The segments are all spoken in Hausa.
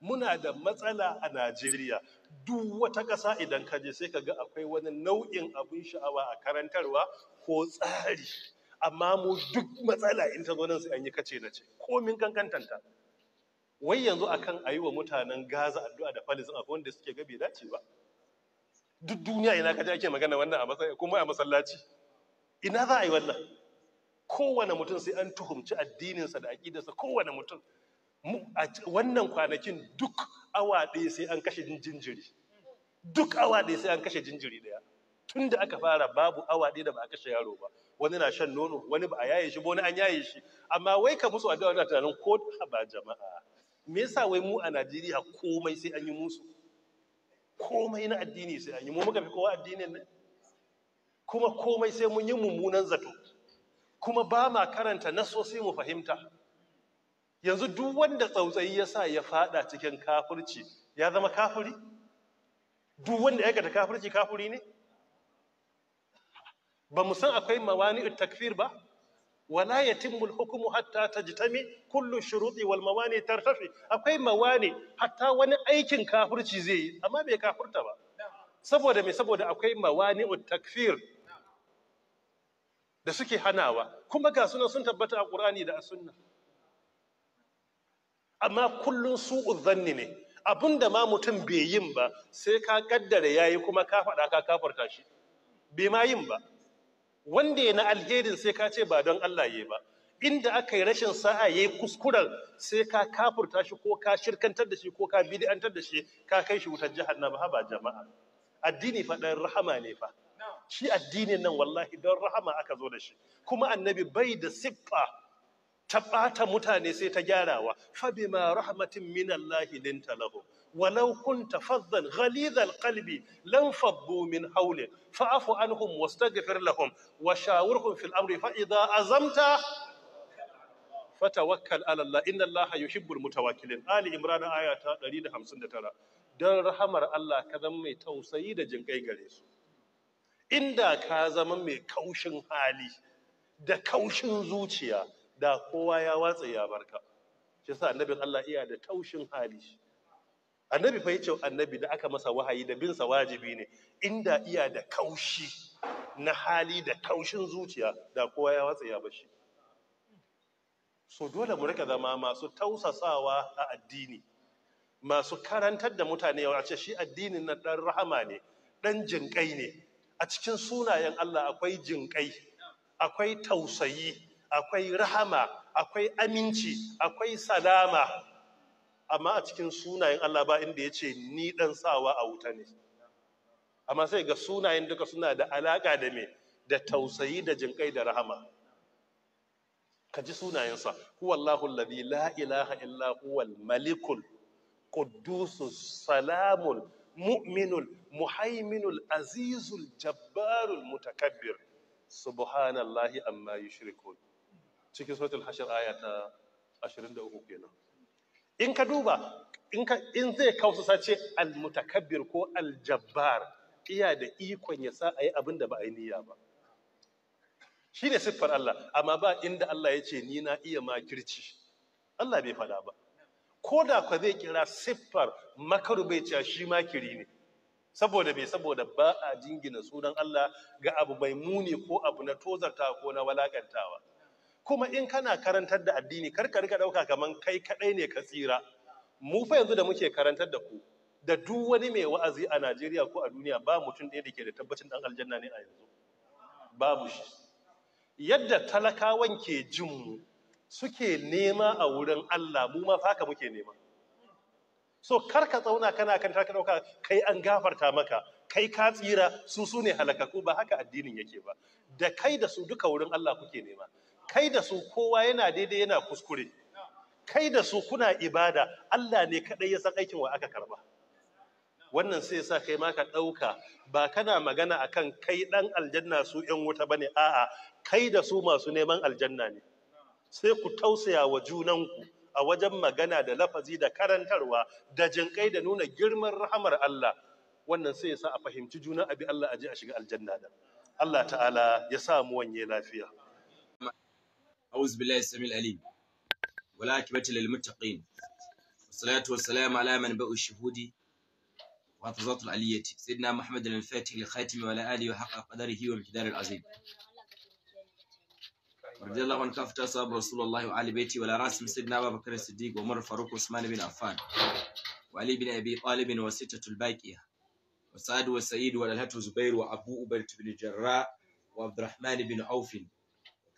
muna da matsala a Najeriya duk wata ƙasa idan ka je sai ka ga akwai wani nau'in abin sha'awa a karantarwa ko tsari amma mu duk matsala in ta zo nan sai an yi kace na ce komin kankantanta wai yanzu akan a yi wa mutanen Gaza addu'a da falis akwai wanda suke ga bai dace ba duk duniya ina kaje ake magana wannan a matsayi kuma a masallaci ina za a yi wannan kowane mutum sai an tuhumci addininsa da aƙidarsa kowane mutum a wannan kwanakin duk awa ɗaya sai an kashe jinjiri duk awa ɗaya sai an kashe jinjiri ɗaya tun da aka fara babu awa ɗaya da ba a kashe yaro ba wani na shan nono wani ba a yaye shi ba wani an yaye shi amma wai ka musu addu'a na tunanin ko ba jama'a me yasa wai mu a Najeriya komai sai an yi musu komai na addini sai an yi mu muka fi kowa addinin ne kuma komai sai mun yi mummunan zato kuma ba ma karanta nasosi mu fahimta yanzu duk wanda tsautsayi ya sa ya fada cikin kafirci ya zama kafiri duk wanda ya aikata kafirci kafiri ne ba mu san akwai mawani takfir ba wala ya yatimul hukumu hatta ta tajtami kullum shuruɗi, wal mawani tartafi akwai mawani hatta wani aikin kafirci zai yi amma bai kafirta ba saboda me saboda akwai mawani takfir da suke hanawa kuma ga sunan sun tabbata a ƙur'ani da a sunna amma kullum su uzanni ne abinda ma mutum bai yin ba sai ka kaddara yayi kuma ka faɗa ka kafarta shi bai ma yin ba wanda ya na alherin sai ka ce ba don Allah ya ba inda aka yi rashin sa'a ya yi kuskuren sai ka kafurta shi ko ka shirkantar da shi ko ka bid'antar da shi ka kai shi wutar jahannama ba jama'a addini fa dan rahama ne fa shi addinin nan wallahi don rahama aka zo da shi kuma annabi bai da siffa ta ɓata mutane sai ta gyarawa fabima rahmatin min Allah linta lahu. walau kunta faddan ghalidhal qalbi Lan faddu min hawlik fa'fu anhum wastaghfir lahum wa shawirhum fil amri fa idha azamta fatawakkal ala Allah inna Allah yuhibbul mutawakkilin ali imran aya ta 159 dan rahamar Allah ka zama mai tausayi da jinkai gare su inda ka zama mai kaushin hali da kaushin zuciya da kowa ya watsa ya barka shi yasa annabin Allah iya da taushin hali annabi fa yace annabi da aka masa wahayi da bin sa wajibi ne inda iya da kaushi na hali da taushin zuciya da kowa ya watsa ya bashi so dole mu rika zama masu tausasawa a addini masu karantar da mutane a ce shi addinin na dan rahama ne dan jinkai ne a cikin sunayen Allah akwai jinkai akwai tausayi akwai rahama akwai aminci akwai salama amma a cikin sunayen Allah ba inda ya ce ni dan sawa a wuta ne amma sai ga sunayen duka suna da alaka da me da tausayi da jinƙai da rahama ka ji sunayensa huwallahu alladhi la ilaha illa huwal malikul quddusus salamul, mu'minul muhaiminul azizul jabbarul mutakabbir subhanallahi amma yushrikun cikin suratul hashir aya ta 23 kenan in ka duba in ka in zai kausa ce al mutakabbir ko al jabbar iya da ikon ya sa ayi abin da ba yi niyya ba shi ne siffar Allah amma ba inda Allah ya ce ni na iya makirci Allah bai fada ba ko da kwa zai kira siffar makaru bai ce shi makiri ne saboda bai saboda ba a jingina sunan Allah ga abu mai muni ko abu na tozarta ko na walakantawa kuma in kana karantar da addini kar rika ɗauka kaman kai kaɗai ne ka tsira mu fa yanzu da muke karantar da ku da duk wani mai wa'azi a Najeriya ko a duniya ba mutum ɗaya da ke da tabbacin ɗan aljanna ne a yanzu babu shi yadda talakawan ke jin mu suke nema a wurin Allah mu ma ka muke nema so karka tsauna kana kan ka ɗauka kai an gafarta maka kai ka tsira su su ne halakaku ba haka addinin yake ba da kai da su duka wurin Allah kuke nema kai da su kowa yana daidai yana kuskure kai da su kuna ibada Allah ne kaɗai ya san aikin wa aka karba wannan sai sa kai ma ka ɗauka ba kana magana akan kai ɗan aljanna su ‘yan wuta bane a'a kai da su masu neman aljanna ne sai ku tausaya wa junanku a wajen magana da lafazi da karantarwa da jinƙai da nuna girman rahamar Allah wannan sai ya a fahimci juna abi Allah aje a shiga aljanna da Allah ta'ala ya sa mu wanye lafiya أعوذ بالله السميع العليم والعاقبة للمتقين والصلاة والسلام على من بقوا الشهود وحفظات العلية سيدنا محمد الفاتح الخاتم ولا آله وحق قدره ومقدار العظيم رضي الله عنك أفتى صاب رسول الله وعلى بيتي ولا راس سيدنا أبا بكر الصديق ومر فاروق وعثمان بن عفان وعلي بن أبي طالب وستة الباكية وسعد وسعيد والهة زبير وأبو أبرت بن الجراء وعبد الرحمن بن عوف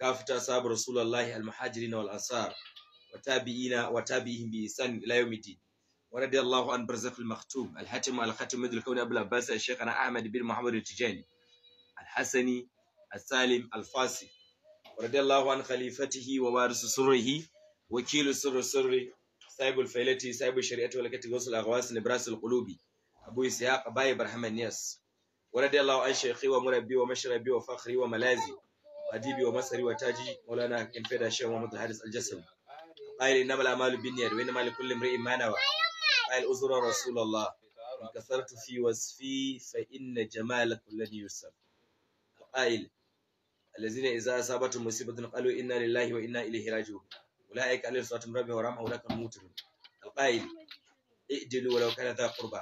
كافتا صاحب رسول الله المهاجرين والأنصار وتابعينا وتابعهم بإحسان إلى يوم الدين ورضي الله عن برزخ المختوم الحاتم الختم مدر الكون أبو العباس أنا أحمد بن محمد التجاني الحسني السالم الفاسي ورضي الله عن خليفته ووارث سره وكيل سر سر صاحب الفيلة صاحب الشريعة ولكت غسل الأغواس نبراس القلوب أبو إسحاق باي برحم الناس ورضي الله عن شيخي ومربي ومشربي وفخري وملازي adibi wa masari wa taji maulana in feda shehu muhammad al-hadis al-jassim qayl inna mala malu bin yad wa inna mala kulli imrin manawa qayl uzura rasulullah kasartu fi wasfi fa inna jamalakum lan yusab qayl alladhina idha asabatum musibatun qalu inna lillahi wa inna ilayhi raji'un ulaika alladhina sawatum rabbi wa rahmahu lakum mutun qayl ijdilu wa law kana dha qurba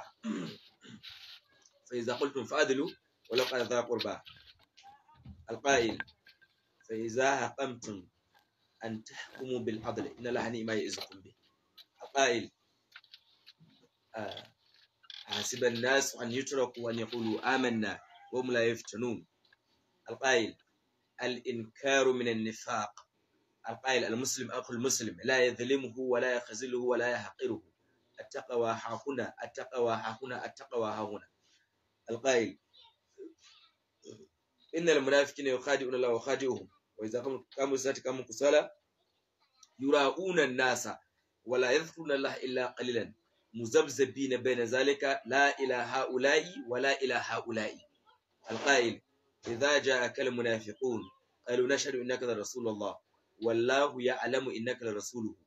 fa idha qultum fa'dilu wa law kana dha qurba القائل فإذا حكمتم أن تحكموا بالعدل إن الله ما نعم يعظكم به القائل آه، حسب الناس أن يتركوا أن يقولوا آمنا وهم لا يفتنون القائل الإنكار من النفاق القائل المسلم أخو المسلم لا يظلمه ولا يخزله ولا يحقره التقوى ها هنا التقوى ها هنا التقوى ها هنا القائل إن المنافقين يخادعون الله وخادعهم wa idza kama sati qamu kusala yura'una nasa wala yadhkuruna Allah illa qalilan muzabzabina baina zalika la ila ha'ula'i wala ila ha'ula'i al-qa'il idza ja'aka al-munafiqun qalu nashhadu innaka rasulullah wallahu ya'lamu innaka rasuluhu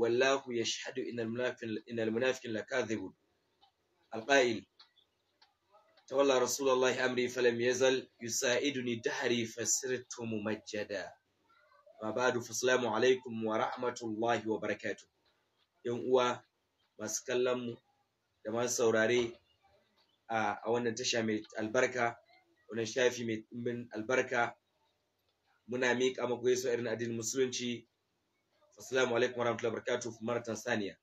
wallahu yashhadu innal munafiqina innal munafiqina lakathibun al tawalla rasulullahi amri falam yazal yusaiduni dahri fasirtu mumajjada wa ba'du assalamu alaikum wa rahmatullahi wa barakatuh yan uwa masu kallon mu da masu saurare a wannan tasha mai albarka wannan shafi mai dimbin albarka muna miƙa muku gaisuwa irin addinin musulunci assalamu alaikum wa warahmatullahi wabarakatuh mara tanzania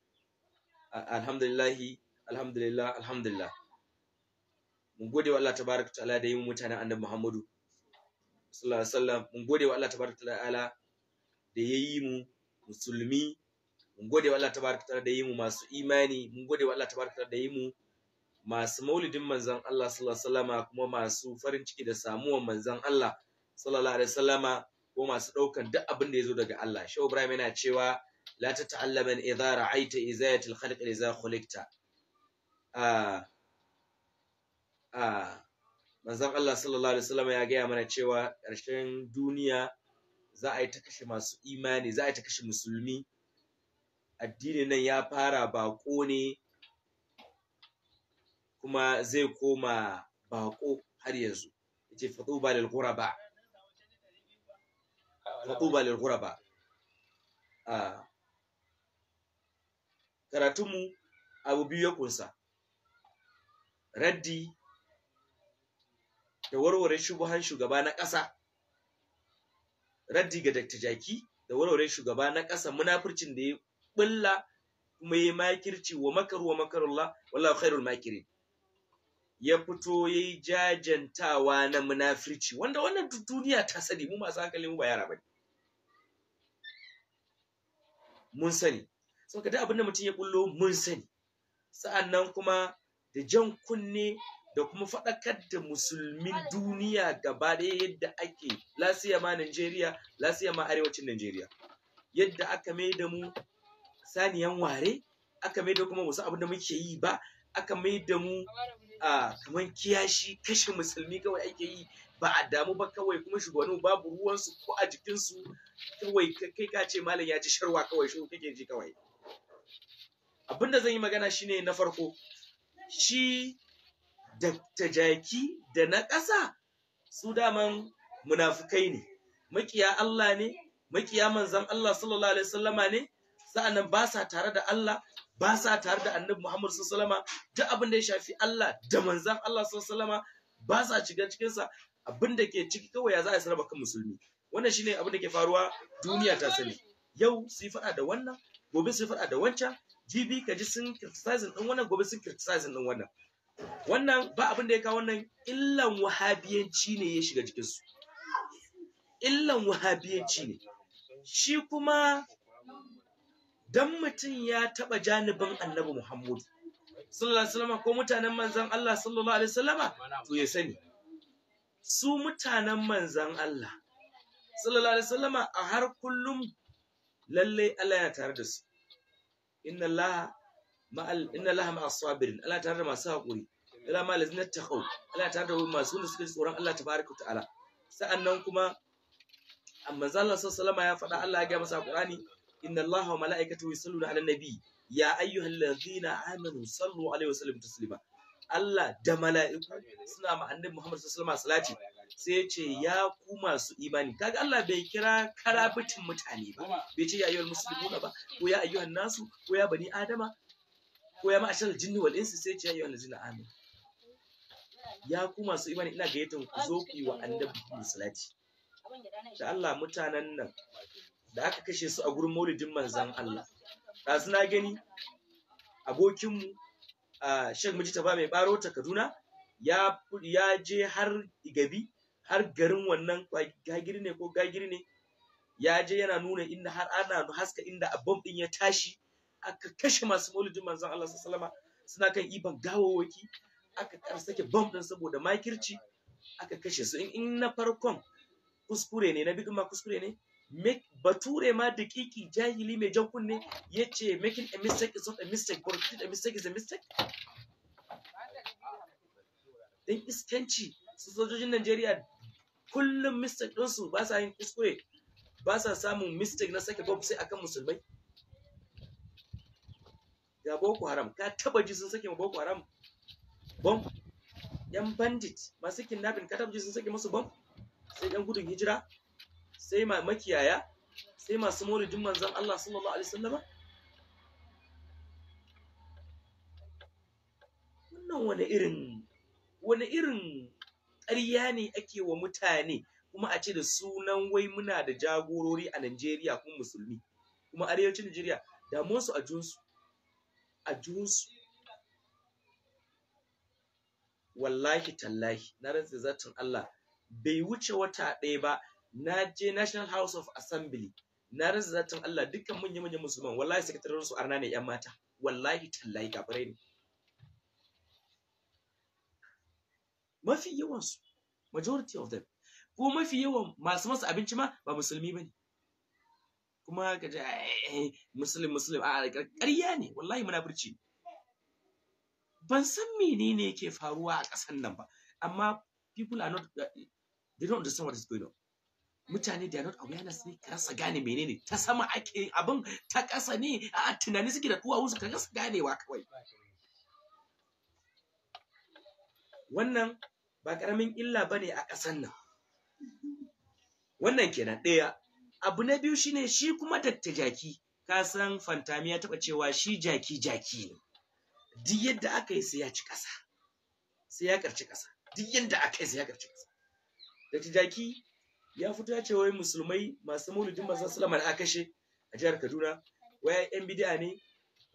alhamdulillah alhamdulillah alhamdulillah mun gode wa Allah tabaraka ta'ala da yin mutanen annabi Muhammadu sallallahu alaihi wasallam mun gode wa Allah tabaraka ta'ala da yayi mu musulmi mun gode wa Allah tabaraka ta'ala da yayi mu masu imani mun gode wa Allah tabaraka ta'ala da yayi mu masu maulidin manzon Allah sallallahu alaihi wasallam kuma masu farin ciki da samuwar manzon Allah sallallahu alaihi wasallam ko masu daukan duk abin da yazo daga Allah Shehu Ibrahim yana cewa la tata'allaman idza aita, izayatil khalqi idza khuliqta ah manzan manzon Allah sallallahu alaihi wasallam ya gaya mana cewa ƙarshen duniya za a yi ta kashe masu imani za a yi ta kashe musulmi Addini nan ya fara baƙo ne kuma zai koma baƙo har yanzu yace fatuba fatuba lalgura ba a karatunmu abu biyu ya kunsa raddi da warware shubuhan shugaba na ƙasa raddi ga Dr. Jaki da warware shugaba na ƙasa munafurcin da ya bulla mai makirci wa makaru wa makarullah wallahi khairul makirin ya fito ya yi jajantawa na munafirci wanda wannan duniya ta sani mu masu hankali mu ba yara ba mun sani saboda abin da mutum ya bullo mun sani sa'annan kuma da jan kunne da kuma faɗakar da musulmin duniya gaba ɗaya yadda ake lasiya ma Najeriya lasiya ma arewacin Najeriya yadda aka mai da mu saniyan ware aka mai da kuma wasu abin da muke yi ba aka mai da mu a kaman kiyashi kashe musulmi kawai ake yi ba a damu ba kawai kuma shugabannin babu ruwansu ko a jikinsu kawai kai ka ce malam ya ci sharwa kawai shi kake ji kawai abin da zan yi magana shine na farko shi ta jaki da na ƙasa su daman munafukai ne makiya Allah ne makiya manzan Allah sallallahu alaihi wasallama ne sa'annan ba sa tare da Allah ba sa tare da annabi Muhammad sallallahu alaihi duk abin da ya shafi Allah da manzan Allah sallallahu alaihi ba sa shiga cikin sa abin da ke ciki kawai ya za a sarrafa kan musulmi wannan shine abin da ke faruwa duniya ta sani yau su fada da wannan gobe su fada da wancan jibi ka ji sun criticizing din wannan gobe sun criticizing din wannan wannan ba abin da ya kawo wannan illan wahabiyanci ne ya shiga jikinsu illan wahabiyanci ne shi kuma dan mutum ya taɓa janibin annabi muhammadu sallallahu alaihi wasallam ko mutanen manzan Allah sallallahu alaihi wasallam to ya sani su mutanen manzan Allah sallallahu alaihi wasallam a har kullum lalle Allah ya tare da su inna Allah ma'al inna laha ma'a sabirin Allah tare da masu haƙuri ila ma lazina taqaw Allah tare da masu da suke tsoron Allah tabaraka wa ta'ala sa'annan kuma manzo Allah sallallahu ya faɗa Allah ya ga masa Qur'ani inna Allah wa mala'ikatahu yusalluna 'alan nabi ya ayyuhallazina amanu sallu alaihi wa sallimu taslima Allah da mala'iku suna ma annabi Muhammad sallallahu alaihi salati sai ce ya ku masu imani kaga Allah bai kira karabitin mutane ba bai ce ya yi wa muslimuna ba ko ya ayyuhan nasu ko ya bani adama ko ya ma'ashar jinni wal insi sai ce yawan lazina amin ya ku masu imani ina gayyatar ku zo ku yi wa annabi salati da Allah mutanen nan da aka kashe su a gurin maulidin manzan Allah ɗazu na gani abokinmu a Sheikh Mujita ba mai baro ta Kaduna ya ya je har Igabi har garin wannan gagiri ne ko gagiri ne ya je yana nuna inda har ana haska inda abom din ya tashi aka kashe masu maulidin manzon Allah sallallahu alaihi suna kan iban gawawaki aka karsake bomb din saboda makirci aka kashe su in na farkon kuskure ne na bidin ma kuskure ne bature ma da kiki jahili mai jan kunne ya ce making a mistake is not a mistake but a mistake is a mistake dan iskanci su sojojin Najeriya kullum mistake ɗinsu ba sa yin kuskure ba sa samun mistake na sake bomb sai akan musulmai ga boko haram ka taba ji sun sake ma boko haram bom yan bandit masu kidnapping ka taba ji sun sake musu bom sai yan gudun hijira sai ma makiyaya sai masu maulidin manzon Allah sallallahu alaihi wasallama wannan wani irin wani irin ƙarya ne ake wa mutane kuma a ce da sunan wai muna da jagorori a Najeriya kuma musulmi kuma arewacin Najeriya damuwarsu a junsu a junsu wallahi tallahi na rantsa zatin Allah bai wuce wata ɗaya ba na je National House of Assembly na rantsa zatin Allah dukkan manya manyan musulman wallahi sakataren su arna ne yan mata wallahi tallahi kafirai ne mafi yawan su majority of them ko mafi yawan masu masa abinci ma ba musulmi bane kuma ka ji eh, eh, muslim muslim a ƙarya ne wallahi muna burci ban san menene yake faruwa a ƙasar nan ba amma people are not uh, they don't understand what is going on mutane da not awareness ne rasa gane menene ta sama ake abin ta ƙasa ne a tunani suke da kuwa ka rasa ganewa kawai wannan ba ƙaramin illa ba ne a ƙasar nan wannan kenan ɗaya abu na biyu shine shi kuma dakta jaki ka san fantami ya taɓa cewa shi jaki jaki ne duk yadda aka yi sai ya ci ƙasa sai ya ƙarci ƙasa duk yadda aka yi sai ya ƙarci ƙasa dakta jaki ya fito ya ce wai musulmai masu maulidin manzon sallama da aka kashe a jihar kaduna wai yan bid'a ne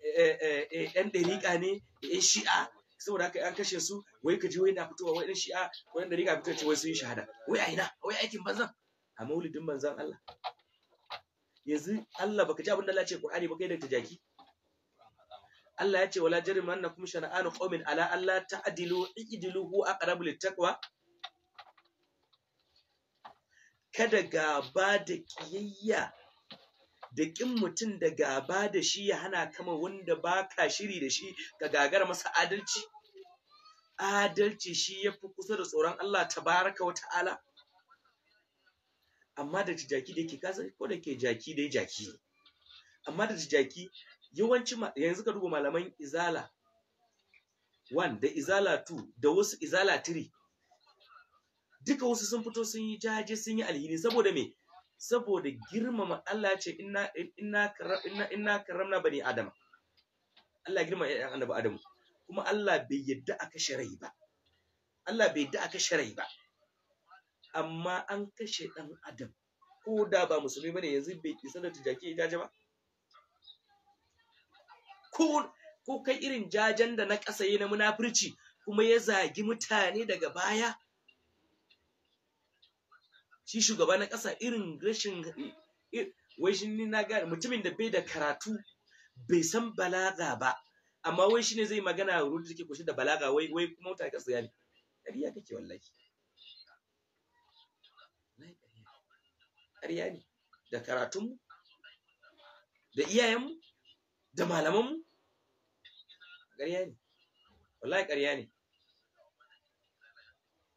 eh, eh, eh, yan dariƙa ne yan shi'a saboda haka an kashe su wai ka ji wai na fitowa wai 'yan shi'a wai dariƙa fitowa ce wai sun yi shahada wai a ina wai aikin banzan a maulidin manzon Allah yanzu Allah baka ji abin da Allah ce Qur'ani ba kai da jaki Allah ya ce wala jarim annakum shana'anu qaumin ala alla ta'dilu i'dilu hu aqrabu taqwa kada gaba da kiyayya da kin mutum da gaba da shi ya hana kama wanda baka shiri da shi ka gagara masa adalci adalci shi yafi kusa da tsoron Allah tabaraka wa ta'ala amma da jaki da yake kasa ko da ke jaki da jaki amma da jaki yawanci yanzu ka duba malaman izala 1 da izala 2 da wasu izala 3 duka wasu sun fito sun yi jaje sun yi alhini saboda me saboda girmama Allah ce inna inna inna inna karamna bani adama Allah girma ya annabi adamu kuma Allah bai yadda aka sharai ba Allah bai yadda aka sharai ba amma an kashe ɗan adam ko da ba musulmi bane yanzu bai kisa da tijaki ya jaje ba ko kai irin jajen da na ƙasa yi na munafurci kuma ya zagi mutane daga baya shi shugaba na ƙasa irin rashin wai shi ni na gane mutumin da bai da karatu bai san balaga ba amma wai shi ne zai magana wurin da take kushe da balaga wai wai kuma mutane ƙasa ya ne kariya kake wallahi ƙarya ne da karatunmu da iyayenmu da malamanmu ƙarya ne wallahi ƙarya ne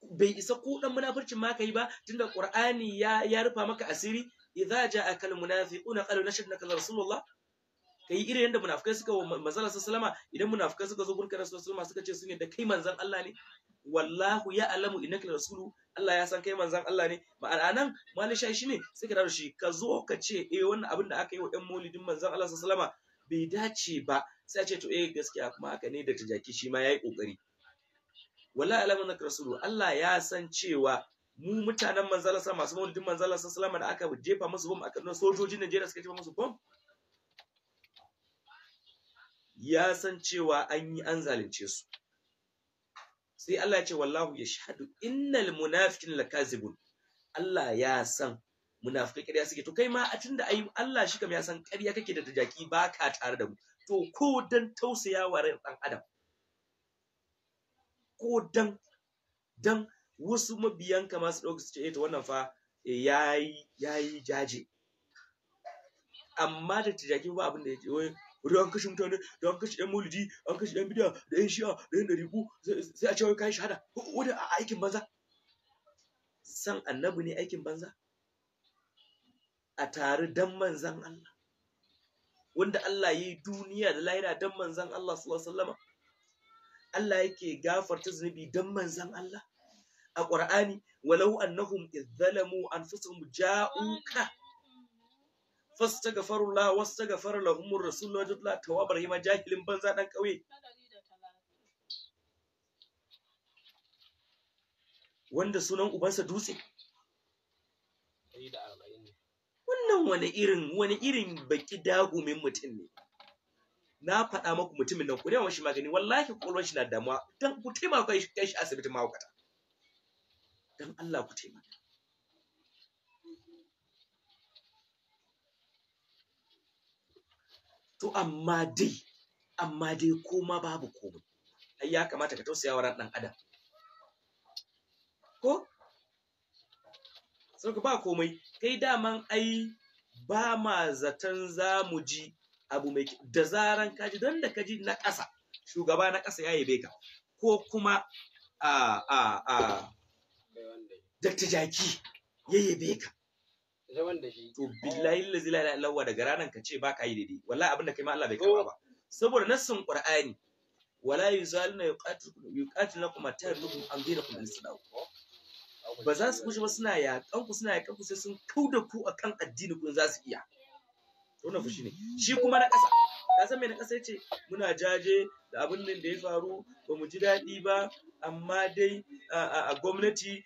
bai isa ko dan munafircin ma kai ba tunda qur'ani ya ya rufa maka asiri idza ja'a kal munafiquna qalu nashhadu annaka rasulullah kai irin yadda munafikai suka wa manzon Allah sallama idan munafikai suka zo gurin Rasul sallama suka ce sun yadda kai manzon Allah ne wallahu ya alamu innaka rasulu Allah ya san kai manzon Allah ne ma'anan shi shine sai ka dawo shi ka zo ka ce eh wannan abin da aka yi wa ɗan maulidin manzon Allah sallama bai dace ba sai a ce to eh gaskiya kuma haka ne da tajaki shi ma yayi kokari wallahi alamu innaka rasulu Allah ya san cewa mu mutanen manzala Allah masu maulidin manzon sallama da aka jefa musu bom aka sojojin Najeriya suka jefa musu bom ya san cewa an yi an zalunce su sai Allah ya ce wallahu yashhadu innal munafiqina lakazibun Allah ya san munafikai ƙarya suke to kai ma a tunda ai Allah shi kam ya san ƙarya kake da tajaki ba ka tare da mu to ko dan wa ran dan adam ko dan dan wasu mabiyan ka masu ɗauka su ce eh, to wannan fa eh, yayi yayi jaje amma da tajaki ba abin da yake wanda an kashe mutane da an kashe yan maulidi an kashe yan bidiya da yan shi'a da yan dariku sai a cewa kayi kai shahada wanda a aikin banza san annabi ne aikin banza a tare dan manzan Allah wanda Allah ya yi duniya da lahira dan manzan Allah sallallahu alaihi wasallam Allah yake gafarta zunubi dan manzan Allah a Qur'ani walau annahum izzalamu anfusahum ja'uka fastaghfirullah wastaghfar lahumur rasul wajadullah tawabar hima jahilin banza dan kauye wanda sunan ubansa dutse wannan wani irin wani irin baki dagumin mutum ne na faɗa maku mutumin nan ku nema shi magani wallahi kwalwar shi na damuwa don ku taimaka kai shi asibiti mahaukata don Allah ku taimaka to amma dai amma dai koma babu komai ai ya kamata ka tausaya wa ɗan adam ko sauka ba komai kai daman ai ba ma zaton za mu ji abu mai da zaran kaji don da kaji na ƙasa shugaba na ƙasa ya yi ko kuma a a a Dr. jaki ya yabe ka zaman da shi to billahi la ilaha illallah daga ranan ka ce baka yi daidai wallahi abin da kai ma Allah bai kama ba saboda nassin qur'ani wala yuzaluna yuqatilukum atarukum an dinakum al-islam ba za su kushe ba suna yakan ku suna yakan ku sai sun kauda ku akan addini ku za su iya wannan fushi ne shi kuma na ƙasa ka san me na ƙasa yace muna jaje da abin nan da ya faru ba mu ji daɗi ba amma dai a gwamnati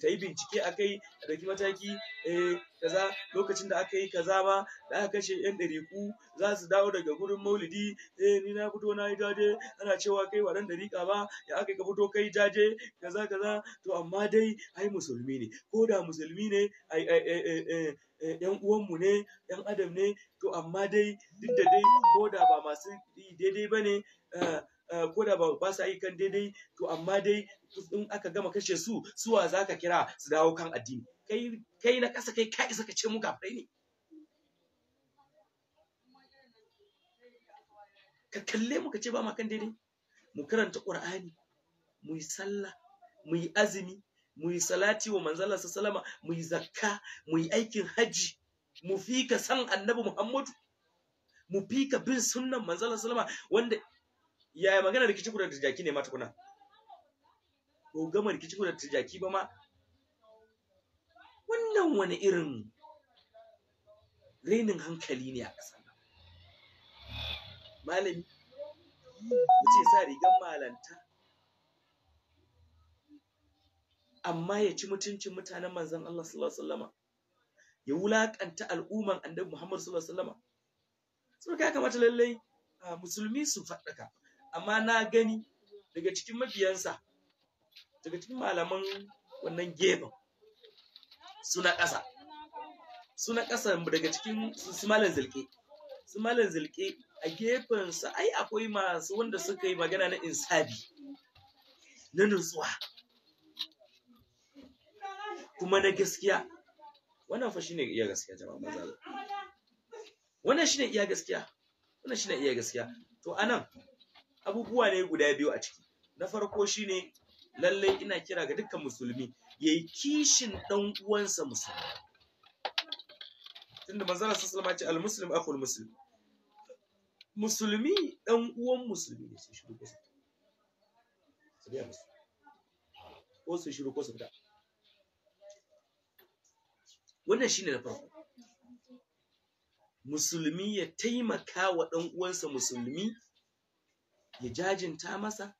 ta yi bincike a kai a ɗauki mataki eh, kaza lokacin da aka yi kaza ba, da aka kashe yan ɗariku za su dawo daga gurin maulidi eh ni na fito na yi jaje ana cewa kai ba ɗan ba ya aka ka fito kai jaje kaza kaza to amma dai ai musulmi ne ko da musulmi ne ai eh, eh, yan eh, uwanmu ne yan adam ne to amma dai duk da dai ko da ba masu daidai ba ne eh, eh, ko da ba su ayyukan daidai to amma dai in aka gama kashe su suwa za ka kira su dawo kan addini kai na ƙasa kai ka isa ka ce mu gafirai ne ka kalle mu ka ce ba ma kan daidai mu karanta ƙur'ani mu yi sallah mu yi azumi mu yi salati wa manzala sallama mu yi zakka mu yi aikin hajji. mu fi ka san annabi muhammadu mu fi bin sunan manzala sallama wanda yaya magana rikici kudar da ne ma ko gama rikici kudar da ba ma wannan wani irin rainin hankali ne a ƙasa malami mu ce sa rigar malanta amma ya ci mutuncin mutanen manzon Allah sallallahu alaihi wasallama ya wulakanta al'umman annabi Muhammad sallallahu alaihi wasallama so kai kamata lallai musulmi su faɗaka amma na gani daga cikin mabiyansa daga cikin malaman wannan gefen suna ƙasa suna ƙasa daga cikin su malam zilke su malam zilke a gefen sa ai akwai masu wanda suka yi magana na insabi na nutsuwa kuma na gaskiya wannan fa shine iya gaskiya jama'a maza wannan shine iya gaskiya wannan shine iya gaskiya to anan abubuwa ne guda biyu a ciki na farko shine lallai ina kira ga dukkan musulmi yayi kishin dan uwansa musulmi tunda manzala sallallahu alaihi wasallam ce al-muslim akhul muslim musulmi dan uwan musulmi ne sai shiru ko su ko su shiru ko su fita wannan shine na farko musulmi ya taimaka wa ɗan'uwansa uwansa musulmi ya jajinta masa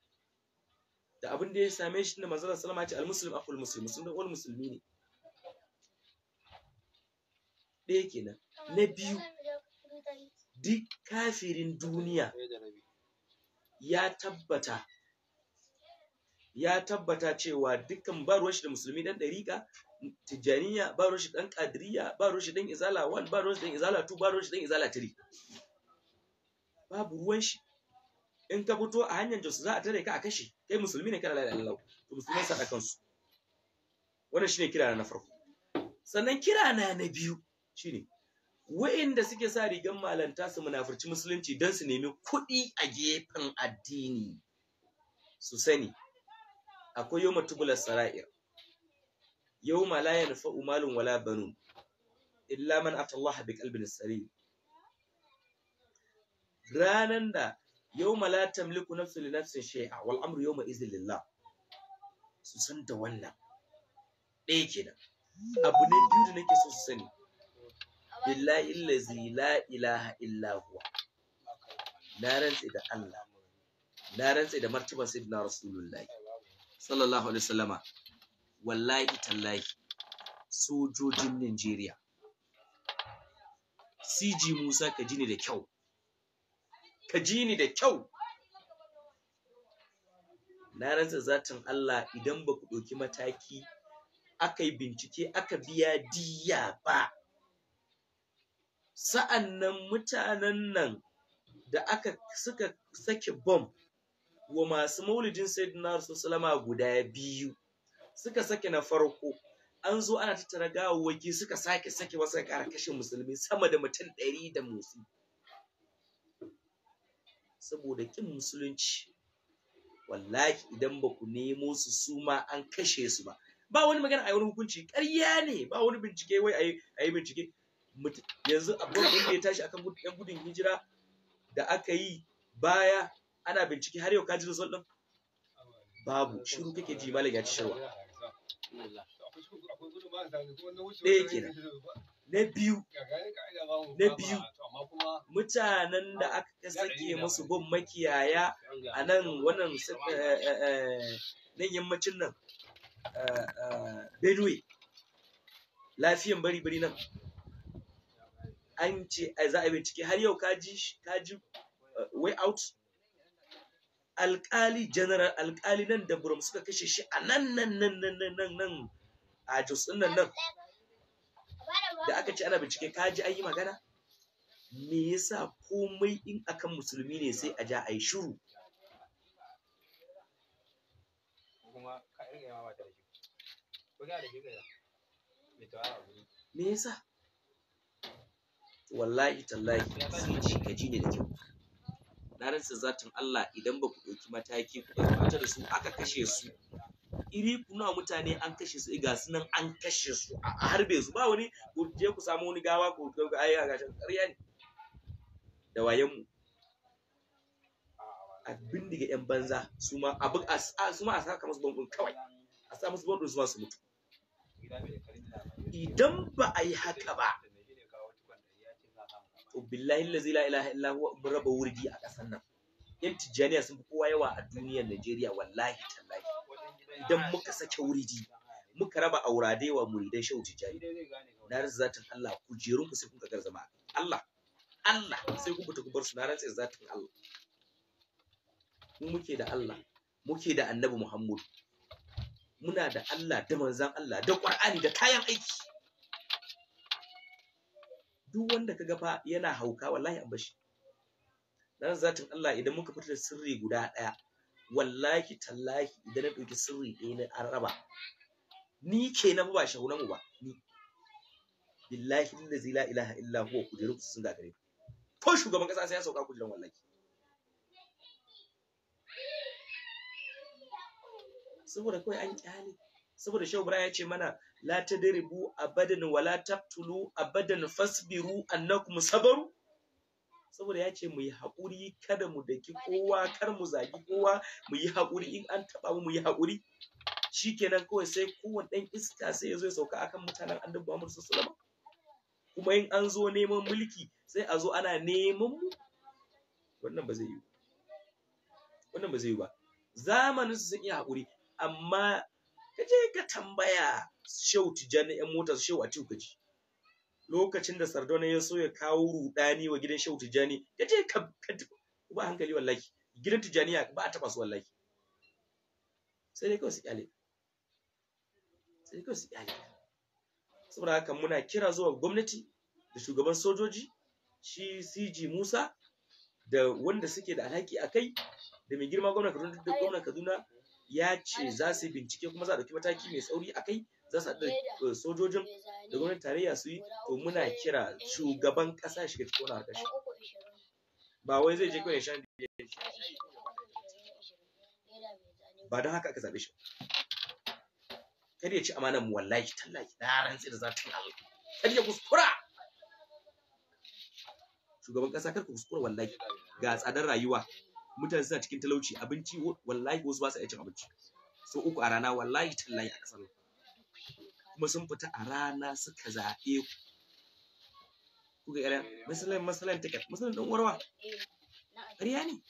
da abin da ya same shi da manzon sallama ce almuslim aqul muslim sun da wani musulmi ne ɗaya kenan na biyu duk kafirin duniya ya tabbata ya tabbata cewa dukkan baruwar shi da musulmi dan dariƙa. tijaniya ba ruwan shi dan kadiriya ba ruwan shi dan izala 1 ba ruwan shi dan izala 2 ba ruwan shi dan izala 3 babu ruwan shi in ka fito a hanyar jos za a tare ka a kashe kai musulmi ne kana la ilaha to musulmai sa kansu wannan shine kira na farko sannan kira na na biyu shine wa'inda suke sa rigan malanta su munafurci musulunci don su nemi kuɗi a gefen addini su sani akwai yau sara'ir yawma la yanfa'u malun wala banun illa man ata Allah bi qalbin salim ranan da yawma la tamliku nafsun li nafsin shay'a wal amru yawma idhin lillah su san da wannan ɗaya kenan abu ne biyu da nake so su sani billahi allazi la ilaha illa huwa na rantse da Allah na rantsi da sallallahu alaihi wallahi tallahi sojojin Najeriya CG Musa ka ji ni da kyau ka ji ni da kyau na rasa zatin Allah idan ba ku ɗauki mataki aka yi bincike aka biya diya ba Sa'annan mutanen nan da aka suka sake bom wa masu maulidin sayyidina rasul guda biyu suka sake na farko an zo ana tattara gawawwaki suka sake sake wasu ƙara kashe musulmi sama da mutum ɗari da motsi saboda ƙin musulunci wallahi idan ba ku nemo su su ma an kashe su ba ba wani magana a yi wani hukunci ƙarya ne ba wani bincike wai a yi bincike yanzu abin da ya tashi akan yan gudun hijira da aka yi baya ana bincike har yau ka ji babu shiru kake ji malam ya ci shirwa ɗaya kenan na biyu na biyu mutanen da aka sake musu gun makiyaya a nan wannan eh, eh, nan yammacin nan eh, benue lafiyan bari bari nan an ce za a bincike har yau kaji kaji way out alkali general alkali nan da burum suka kashe shi a nan nan nan nan nan nan nan a jos nan nan da aka ce ana bincike ka ji an magana me yasa komai in akan musulmi ne sai a ja a yi shiru me yasa wallahi tallahi sai ji ka ne da kyau na rantsa zatin Allah idan ba ku ɗauki mataki ku ɗauki da su aka kashe su iri kuna mutane an kashe su eh, ga su nan an kashe su a harbe su ba wani ku je ku samu wani gawa ku ga ai ga shan ƙarya ne da wayen mu a bindiga yan banza su ma a su ma a saka musu bambun kawai a sa musu bambun su ma su mutu idan ba a yi haka ba to billahi allazi la ilaha illa huwa mun raba wurdi a ƙasar nan yan tijjaniya sun fi kowa yawa a duniyar Najeriya wallahi tallahi idan muka sake wurdi muka raba auradai wa muridai shehu tijjani na zatin Allah jeru ku sai kun ga zama Allah Allah sai ku fita ku bar su na rantsa zatin Allah mu muke da Allah muke da Annabi Muhammad muna da Allah da manzan Allah da Qur'ani da kayan aiki duk wanda kaga fa yana hauka wallahi an bashi dan zatin Allah idan muka fita da sirri guda daya wallahi tallahi idan na ɗauki sirri ɗaya na araba. ni ke na ba shaunanmu ba ni billahi allazi la ilaha illa huwa kujerun sun gare ko shugaban kasa sai ya sauka kujerun wallahi saboda kawai an kyale saboda shehu ibrahim ya ce mana la tadribu abadan wala taqtulu abadan fasbiru annakum sabaru saboda ya ce mu yi haƙuri kada mu daki kowa kar mu zagi kowa mu yi haƙuri in an taɓa mu mu yi haƙuri shikenan kawai sai kowane ɗan iska sai ya zo ya sauka akan mutanen annabi Muhammad sallallahu alaihi kuma in an zo neman mulki sai a zo ana neman mu wannan ba zai yi wannan ba zai yi ba zamanin su sun iya haƙuri amma Kaje ka tambaya shehu tijjani yan mota su shehu a kaji lokacin da sardona ya so ya kawo rudani wa gidan shehu tijjani ka ka ba hankali wallahi gidan tijjani ba a taba su wallahi sai dai kawai su kyale sai dai kawai su kyale saboda haka muna kira zuwa gwamnati da shugaban sojoji shi CG Musa da wanda suke da alhaki a kai da mai girma gwamna da gwamna Kaduna ya ce za su bincike kuma za a ɗauki mataki mai tsauri a kai za su haɗa eh, sojojin da gwamnatin tarayya su yi to muna kira shugaban ƙasa shiga cikin wani harkar ba wai zai je kawai shan ba don haka aka zaɓe shi kada ya ci amanar mu wallahi tallahi na rantsi da za ta Allah kada ya kuskura shugaban ƙasa kar ku kuskura wallahi ga tsadar rayuwa mutane suna cikin talauci abinci wallahi wasu ba su iya cin abinci sau uku a rana wallahi tallahi a ƙasar kuma sun fita a rana suka zaɓe ku kuka ƙarya masalan masalan tiket masalan ɗan warwa ƙarya ne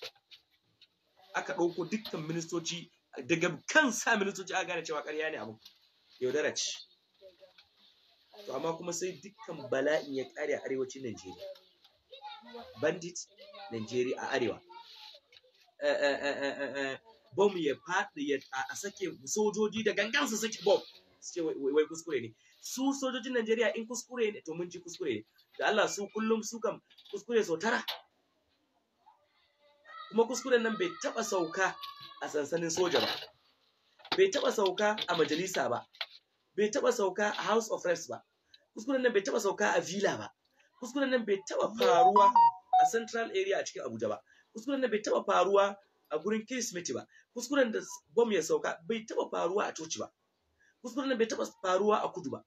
aka ɗauko dukkan ministoci daga kan sa ministoci aka gane cewa ƙarya ne abu yaudara ce to amma kuma sai dukkan bala'in ya ƙare a arewacin Najeriya bandit Najeriya a arewa Eh, eh, eh, bom ya faɗi a sake sojoji da gangan su saki bom su ce wai kuskure ne su sojojin Najeriya in kuskure ne to mun ji kuskure ne da Allah su kullum su kam kuskure sau tara kuma kuskuren nan bai taba sauka a sansanin soja ba bai taba sauka a majalisa ba bai taba sauka a house of reps ba kuskuren nan bai taba sauka a villa ba kuskuren nan bai taba faruwa a central area a cikin Abuja ba kuskuren da bai taba faruwa a gurin kirismeti ba kuskuren da bom ya sauka bai taba faruwa a coci ba kuskuren da bai taba faruwa a kudu ba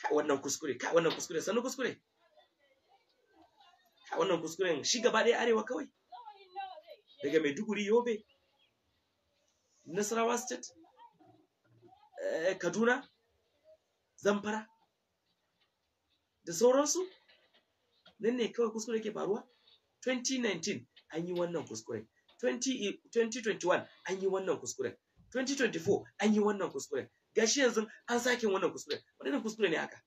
kai wannan kuskure kai wannan kuskure sannan kuskure kai wannan kuskuren shi gaba ɗaya arewa kawai daga maiduguri yobe nasarawa state eh, kaduna zamfara da sauransu nan ne kawai kuskure ke faruwa 2019 an yi wannan kuskuren 2021 eh, an yi wannan kuskuren 2024 an yi wannan kuskuren gashi yanzu an sake wannan kuskuren wannan kuskure ne haka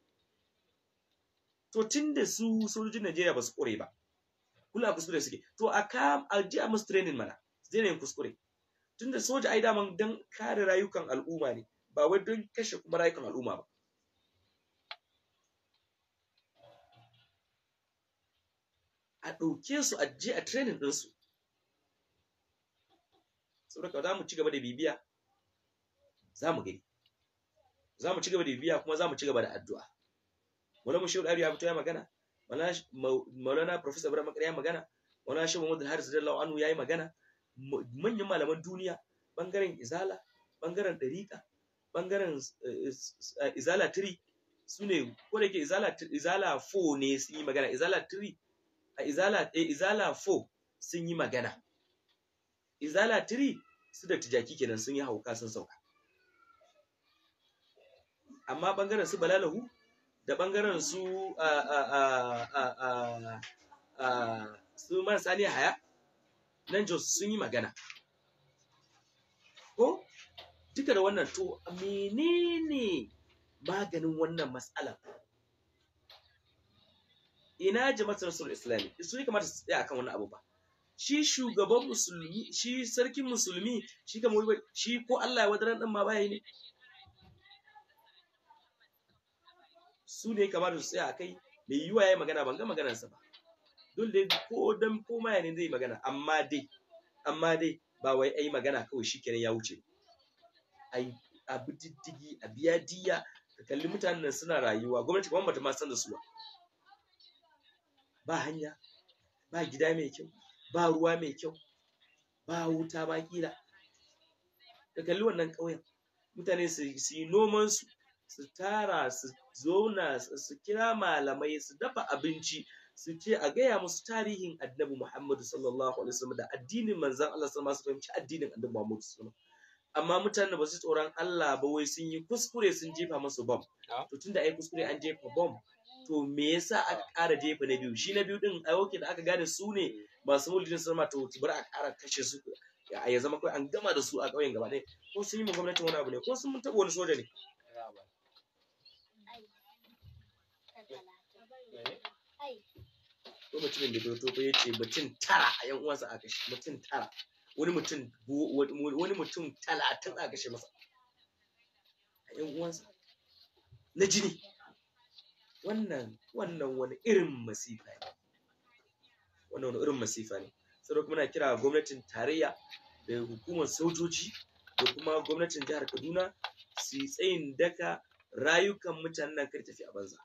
to tun su sojojin Najeriya ba su kore ba kula kuskure suke to a kam a ji a musu training mana zai daina yin kuskure tun da soja ai daman don kare rayukan al'umma ne ba wai don kashe kuma rayukan al'umma ba a ɗauke su a je a training ɗinsu saboda za mu ci gaba da bibiya za mu gani za mu ci gaba da bibiya kuma za mu ci gaba da addu'a maulana shehu ɗari ya fito ya magana maulana profesa Bura makar ya magana maulana shehu muhammadu haris radiyallahu anu ya yi magana manyan malaman duniya ɓangaren izala ɓangaren ɗariƙa ɓangaren eh, izala 3 su ne ko da ke izala 4 ne sun yi magana izala 3 a izala eh, izala 4 sun yi magana izala 3 su da tijaki kenan sun yi hauka sun sauka amma bangaren su balalahu da bangaren su a a a a su sani haya nan jos sun yi magana ko duka da wannan to menene maganin wannan matsalar ina jama'atar sun islami su ne kamata su tsaya akan wani abu ba shi shugaban musulmi shi sarkin musulmi shi kamar shi ko Allah ya wadaran dan ma baya ne su ne kamata su tsaya akai mai yiwa yi magana ban ga maganarsa ba dole ko dan ko ma ne zai magana amma dai amma dai ba wai ai magana kawai shi kenan ya wuce ai abu diddigi a biya diya ka kalli mutanen suna rayuwa gwamnati kuma bata ma san da su ba ba hanya ba gida mai kyau ba ruwa mai kyau ba wuta ba kila ka kalli wannan ƙauyen mutane su yi nomansu su tara su zauna su kira malamai su dafa abinci su ce a gaya musu tarihin annabi muhammadu sallallahu alaihi wasallam da addinin manzan allah sallallahu alaihi wasallam addinin annabi muhammadu sallallahu amma mutane ba su tsoron allah ba wai sun yi kuskure sun jefa masu bom ah. to tunda ai kuskure an jefa bom to me yasa aka ƙara jefa na biyu shi na biyu din a yau da aka gane su ne masu mulkin sama to bar a ƙara kashe su ya zama kawai an gama da su a ƙauyen gaba ɗaya ko sun yi ma gwamnatin wani abu ne ko sun taɓa wani soja ne ko mutumin da bai tofa ya ce mutum tara a yan uwansa a kashe mutum tara wani mutum wani mutum talatin a kashe masa a yan uwansa na jini wannan wannan wani irin masifa ne wannan wani irin masifa ne sannan kuma na kira gwamnatin tarayya da hukumar sojoji da kuma gwamnatin jihar kaduna su yi tsayin daka rayukan mutanen nan kar tafi a banza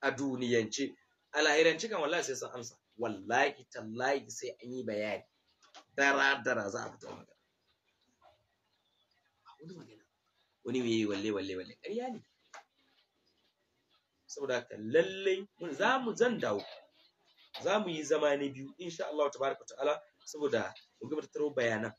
a duniyance a lahirance kan wallahi sai sun amsa wallahi tallahi sai an yi bayani dara dara za a fito magana wani magana wani mai walle walle walle ƙarya ne saboda haka lallai za mu zan dawo za mu yi zama na biyu insha Allah tabaraka ta'ala saboda mu ga tattaro bayanan